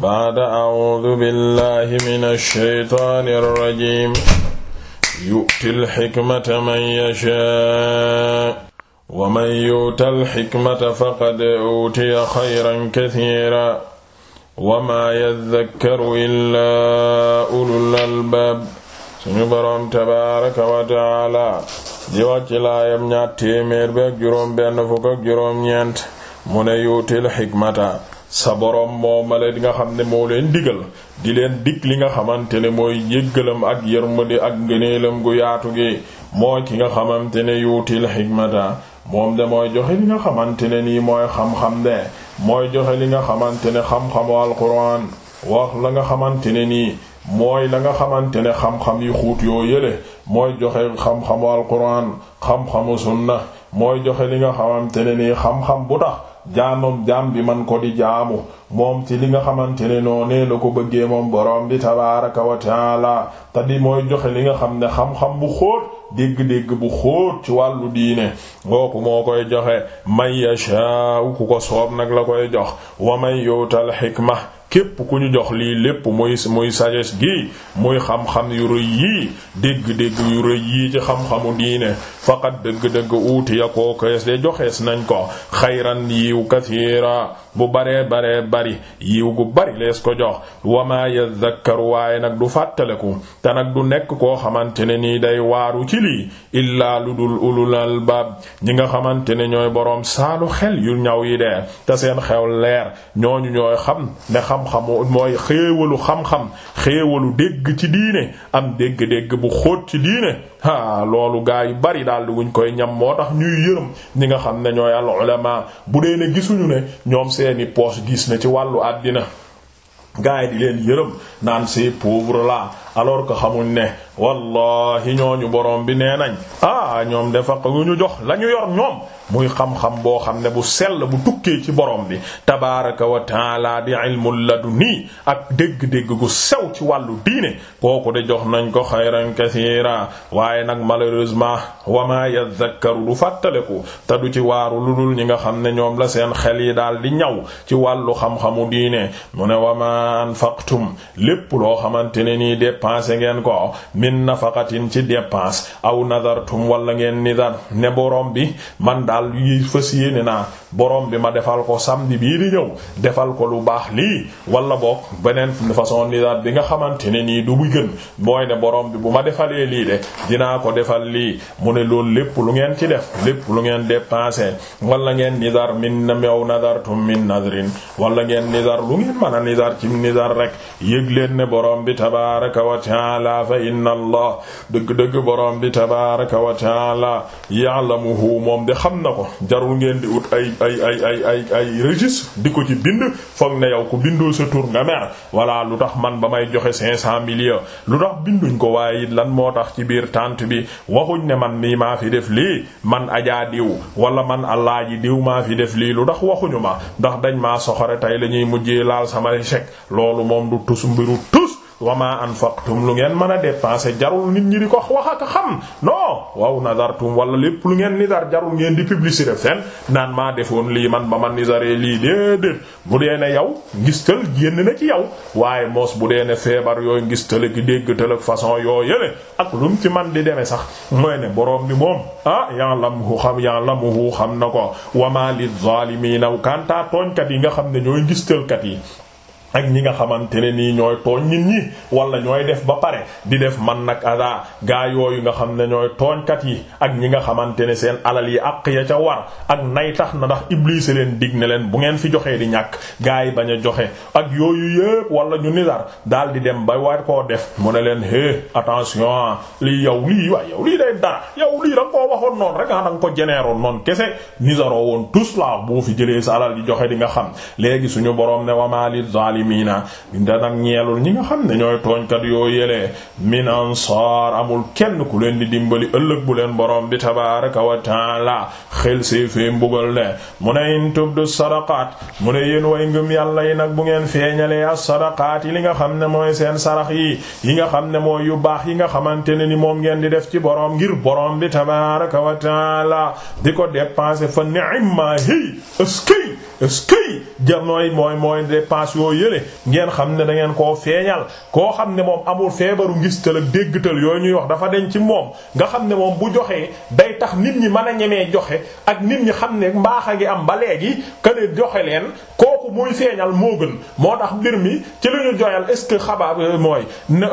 baada awudu billahi min alshaytaani alrajim yu'ti alxikmata man yashaa wa man yu'ta alxikmata faqad utiya xayran kasiira wa maa yadakkaru illaa ulul albaab suñu boroom tabaaraka wa taala di wax ci laayam ñaar téeméer bi ak juróom benn fukk ak juróom ñeent mu ne yu'til xikmata sa boroom moom ma di nga xam ne moo leen digal di leen dig li nga xamante ne mooy jéggalam ak yërmande ak ngëneelam gu yaatu gi mooy ki nga xamante ne yuutil xikmata moom de mooy joxe li nga xamante ne nii mooy xam-xam de mooy joxe li nga xamante ne xam-xamu alquran wax la nga xamante ne nii mooy la nga xamante ne xam yu xuut yoo yële mooy joxe xam-xamu alquran xam-xamu sunna mooy joxe li nga xamante ne nii xam-xam bu tax jaamam jaam bi man ko di jaamu moom ci li nga xamante ne noonee la ko bëggee moom boroom bi tabaaraka wa la te di mooy joxe li nga xam ne xam-xam bu xóot dégg-dégg bu xóot ci wàllu diine kooku moo koy joxe may yashaa'u ku ko soob nag la koy jox wa may yutal hikma képp ku ñu jox lii lépp muy muy sagesse gi muy xam-xam yu rëy yii dégg-dégg yu rëy yii ci xam-xamu diine faqat dëgg-dëgg uuti ya koo kees de joxees nañ ko xayran yiw kasiira bu baree baree bari yiw gu bari lees ko jox wama yadhakkaru waaye nag du fàttaleku te nag du nekk koo xamante ne nii day waaru ci lii illaa lu dul ulul albaab ñi nga xamante ne ñooy boroom saalu xel yu ñaw yi de te seen xew leer ñooñu ñooy xam ne xam xam-xamu mooy xéewalu xam-xam xéewalu dégg ci diine am dégg-dégg bu xóot ci diine ah loolu gaa yu bari daal wuñ koy ñam moo tax ñuy yërëm ñi nga xam ne ñooy al ulama bu dee ne gisuñu ne ñoom seeni poche gis na ci wàllu àddina gaa yi di leen yërëm naan ces pauvres là alors que xamuñ ne wallahi ñooñu borom bi nee nañ ah ñoom de faq ñu jox lañu yor ñoom muy xam-xam boo xam ne bu sell bu tukkee ci borom bi tabaraka wa taala di ilmul laduni ak dégg-dégg gu sew ci wàllu diine kooku de jox nañ ko xayran kasiira waaye nag malheureusement wama yadhakkaru du fàttaleku te du ci waaru lu dul ñi nga xam ne ñoom la seen xel yi daal di ñaw ci wàllu xam-xamu diine mu ne wama anfaqtum lépp loo xamante ne nii dépensé ngeen ko min nafaqatin ci dépense aw nadartum wala ngeen nidar ne borom bi man daal yi fas yéene naa borom bi ma defal ko samedi bii di ñëw defal ko lu baax lii wala boog beneen façon ni bi nga xamante ne ni du bu gën mooy ne borom bi bu ma defalee lii de dinaa ko defal lii mu ne loolu lépp lu ngeen ci def lépp lu ngeen dépensé wala ngeen nizar min mew nadartum min nadrin wala ngeen nizar lu ngeen mën a nizar ci nizar rek yëg leen ne borom bi tabaraka wa taala fa inna allah dëgg-dëgg borom bi tabaraka wa taala ya'lamuhu moom de xam na ko jarul ngeen ay ay ay ay ay registre di ko ci bind foog na yow ko bindoo sa tur nga mer voilà lu tax man ba may joxe cinq cent mille lu tax binduñ ko waaye it lan moo tax ci biir tente bi waxuñ ne man mii maa fi def lii man ajaa diw wala man allaaji diw maa fi def lii lu tax waxuñu ma ndax dañ ma soxore tey la ñuy mujjee laal sama échec loolu moom du tus mbiru tus wama anfaqtum lu ngeen mën a dépenser jarul nit ñi di ko wax ak xam non waaw nadartum wala lépp lu ngeen nidar jarul ngeen di publicité fen naan maa defoon lii man ba man nisaree lii déedéet bu dee ne yow ngistal génn na ci yow waaye moos bu dee ne feebar yooyu ngistal ki dégg tëlëg façon yoo yële ak lu mu ci man di demee sax mooy ne borom bi moom ah ya'lamu xam ya'lamu xam na ko wama lizaalimiina kantaa tooñkat yi nga xam ne ñooy ngistalkat yi ak ñi nga xamante ne nii ñooy tooñ nit ñi wala ñooy def ba pare di def man nag ada gaa yooyu nga xam ne ñooy tooñkat yi ak ñi nga xamante ne seen alal yi àq ya ca war ak nay tax na ndax iblis leen dig ne leen bu ngeen fi joxee di ñàkk gaa yi bañ a joxe ak yooyu yépp wala ñu nisar daal di dem ba war koo def mu ne leen hé attention ah lii yow lii waay yow lii day dara yow lii da nga koo waxoon noonu rek a ah da nga ko jeneeroon noonu kese nisaroo woon tous la boo fi jëlee sa alal di joxe di nga xam zaalimiina danam ñeelul ñi nga xam ne ñooy tooñkat yoo yëlee min ansaar amul kenn ku leen di dimbali ëllëg bu leen borom bi tabaaraka wa taala xel see fee mbugal ne mu ne in tubdu sadaqaat mu ne yéen way ngëm yàlla yi nag bu ngeen feeñalee as-sadaqaat yi li nga xam ne mooy seen sarax yi yi nga xam ne mooy yu baax yi nga xamante ne ni moom ngeen di def ci borom ngir boroom bi tabaaraka wa taala di ko dépenser fa ni'ma hi eskay est-ce que jamooy mooy mooy dépense yoo yële ngeen xam ne da ngeen koo feeñal koo xam ne moom amul feebaru ngistal ak déggtal yooyu ñuy wax dafa den ci moom nga xam ne moom bu joxee day tax nit ñi mën a ñemee joxe ak nit ñi xam ne mbaax a ngi am ba léegi que ne joxe leen ko muy feeñal moo gën moo tax mbir mi ci lu ñu joyal est-ce que xabaar mooy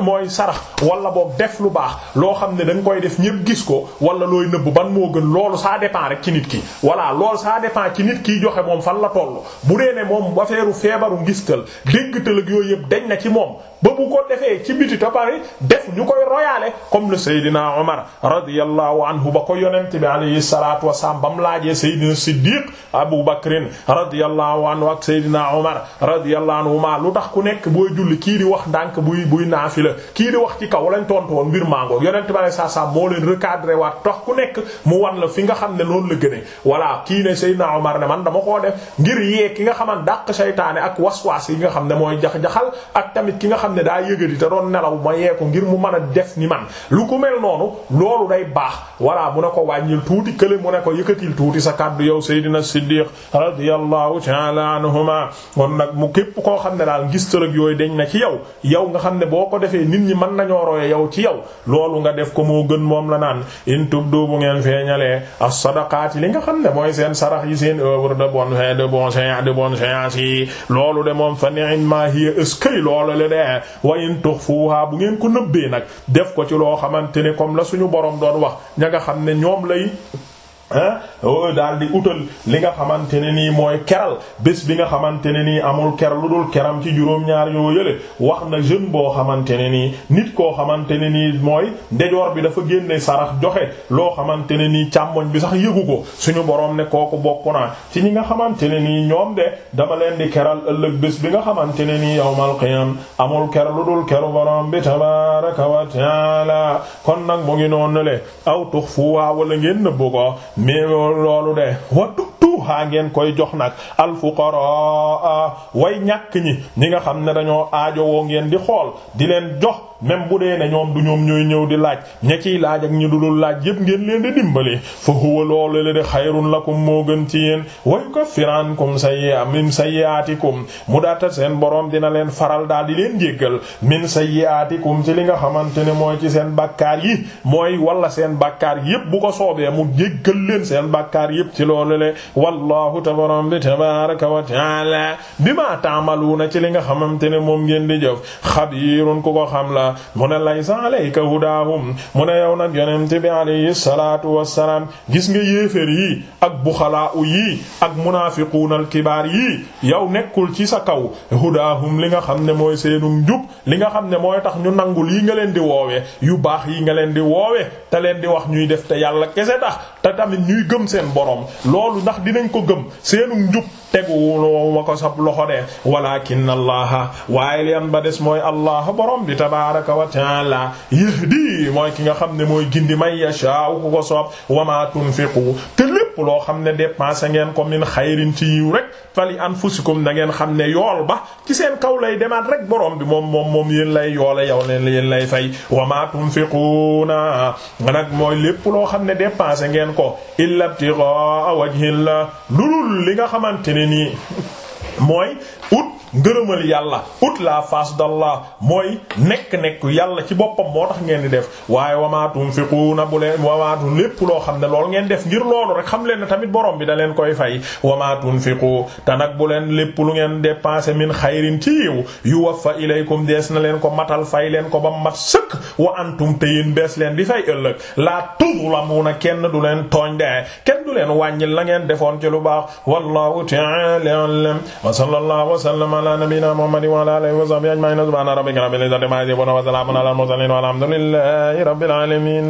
mooy sarax wala boog def lu baax loo xam ne dañ koy def ñépp gis ko wala looy nëbbu ban moo gën loolu ça dépend rek ci nit ki. voilà loolu ça dépend ci nit kiy joxe moom fan la toll bu dee ne moom affaire feebaru ngistal dégg tëlëg yooyu yëpp deñ na ci moom ba bu ko defee ci biti topari def ñu koy royaale comme le Seydina Omar radiyallahu anhu ba ko yonent bi alayhi salatu wasalaam ba mu laajee Seydina Siddiq Abu Bakrin radiyallahu anhu ak Seydina Omar radiyallahu anhuma lu tax ku nekk booy julli kii di wax ndànk buy buy naafila kii di wax ci kaw lañ tontu woon mbir mango yonent bi alayhi salaam moo leen recadré waat tax ku nekk mu wan la fi nga xam ne noonu la gënee voilà kii ne Seydina Omar ne man dama koo def ngir yee ki nga xaman dàq seytaane ak waswaas yi nga xam ne mooy jax-jaxal xam ne daa yëgadi te doon ma yee ko ngir mu mën a def ni man lu ko mel noonu loolu day baax voilà mu ne ko wàññil tuuti kële mu ne ko yëkkatil tuuti sa kàddu yow Seydina Siddiq radiyallahu ta'ala anhuma kon mu képp koo xam ne daal ngistal ak yooyu dañ na ci yow yow nga xam ne boo ko defee nit ñi mën nañoo roye yow ci yow loolu nga def ko moo gën moom la naan in tubdu bu ngeen feeñalee as-sadaqaati li nga xam ne mooy seen sarax yi seen de bonne de bon de bonne séance yi loolu de ne wa in tuxfuha bu ngeen ko nëbbee nag def ko ci loo xamante ne comme la suñu borom doon wax ña nga xam ne ñoom lay daal di utal li nga xamante ne nii mooy keral bés bi nga xamante ne nii amul ker lu dul keram ci juróom-ñaar yoo yële wax na jeune boo xamante ne nii nit koo xamante ne nii mooy ndejoor bi dafa génne sarax joxe loo xamante ne nii càmmoñ bi sax yëgu ko suñu borom nekkoo ko bokk naa ci ñi nga xamante ne nii ñoom de dama leen di keral ëllëg bés bi nga xamante ne nii yawmal qiyam amul ker lu dul keru borom bi tabaraka wa kon nag moo ngi noonu wala ngeen nëbb mais loolu de wattu tuuhaa ngeen koy jox nag al fuqaraa way ñàkk ñi ñi nga xam ne dañoo aajo woo ngeen di xool di leen jox même bu dee ne ñoom du ñoom ñooy ñëw di laaj ña ciy laaj ak ñu dulul laaj yépp ngeen leen di dimbali fa huwa loolu la de xayrun lakum moo gën ci yéen wa yukaffirankum sayyi'a min sayyi'atikum mu daata seen borom dina leen faral daal di leen jéggal min sayyi'atikum ci li nga xamante ne mooy ci seen bàkkaar yi mooy wala seen bàkkaar yépp bu ko soobee mu jéggal leen seen bàkkaar yëpp ci loolu le wallahu tabaram bi tabaraka wa taala bima na ci li nga xamante ne moom ngeen di jëf xabiirun ku ko xam la mu ne laysa alayka hudaahum mu ne yow na yonente bi alayhi salaatu wassalaam gis nga yéeféer yi ak buxalaa u yi ak munaafiquunal kibaar yi yow nekkul ci sa kaw hudaahum li nga xam ne mooy seenum njub li nga xam ne mooy tax ñu nangul lii nga leen di woowe yu baax yi nga leen di woowe te leen di wax ñuy def te yàlla kese tamit ñuy gëm seen borom loolu ndax dinañ ko gëm seenu njub teguwuloo ma ko sab loxo de walakin allaha waaye li am ba des mooy allah borom bi tabaraka wa taala yahdi mooy ki nga xam ne mooy gindi may yasha ku ko soob wa ma tunfiqu lépp loo xam ne dépensé ngeen ko min xayrin ci yiw rek fali anfusikum na ngeen xam ne yool ba ci seen kaw lay demaat rek borom bi moom moom moom yéen lay yoole yow leen yéen lay fay wa ma tunfiquna nag mooy lépp loo xam ne dépensé ngeen ko illa ibtigha wajhillah lulul li nga xamante ne nii mooy ut ngërëmal yàlla ut la face d'Allah mooy nekk-nekk yàlla ci boppam moo tax ngeen di def waaye wama tunfiquuna bu leen wama tun lépp loo xam ne lool ngeen def ngir loolu rek xam leen ne tamit borom bi da leen koy fay wama tunfiqu te nag bu leen lépp lu ngeen dépenser min xayrin ci yiw yuwaffa ilaykum dees na leen ko matal fay leen ko ba mat sëkk wa antum te yéen bees leen di fay ëllëg la tuzlamuna kenn du leen tooñ de du leen wàññil la ngeen defoon ci lu baax wallahu ta'ala a'lam wa sallallahu wa sallama ala nabiyyina muhammadin wa ala alihi wa sahbihi ajma'in subhana rabbika rabbil izzati amma yasifun wa salamun ala al mursalin walhamdulillahi rabbil alamin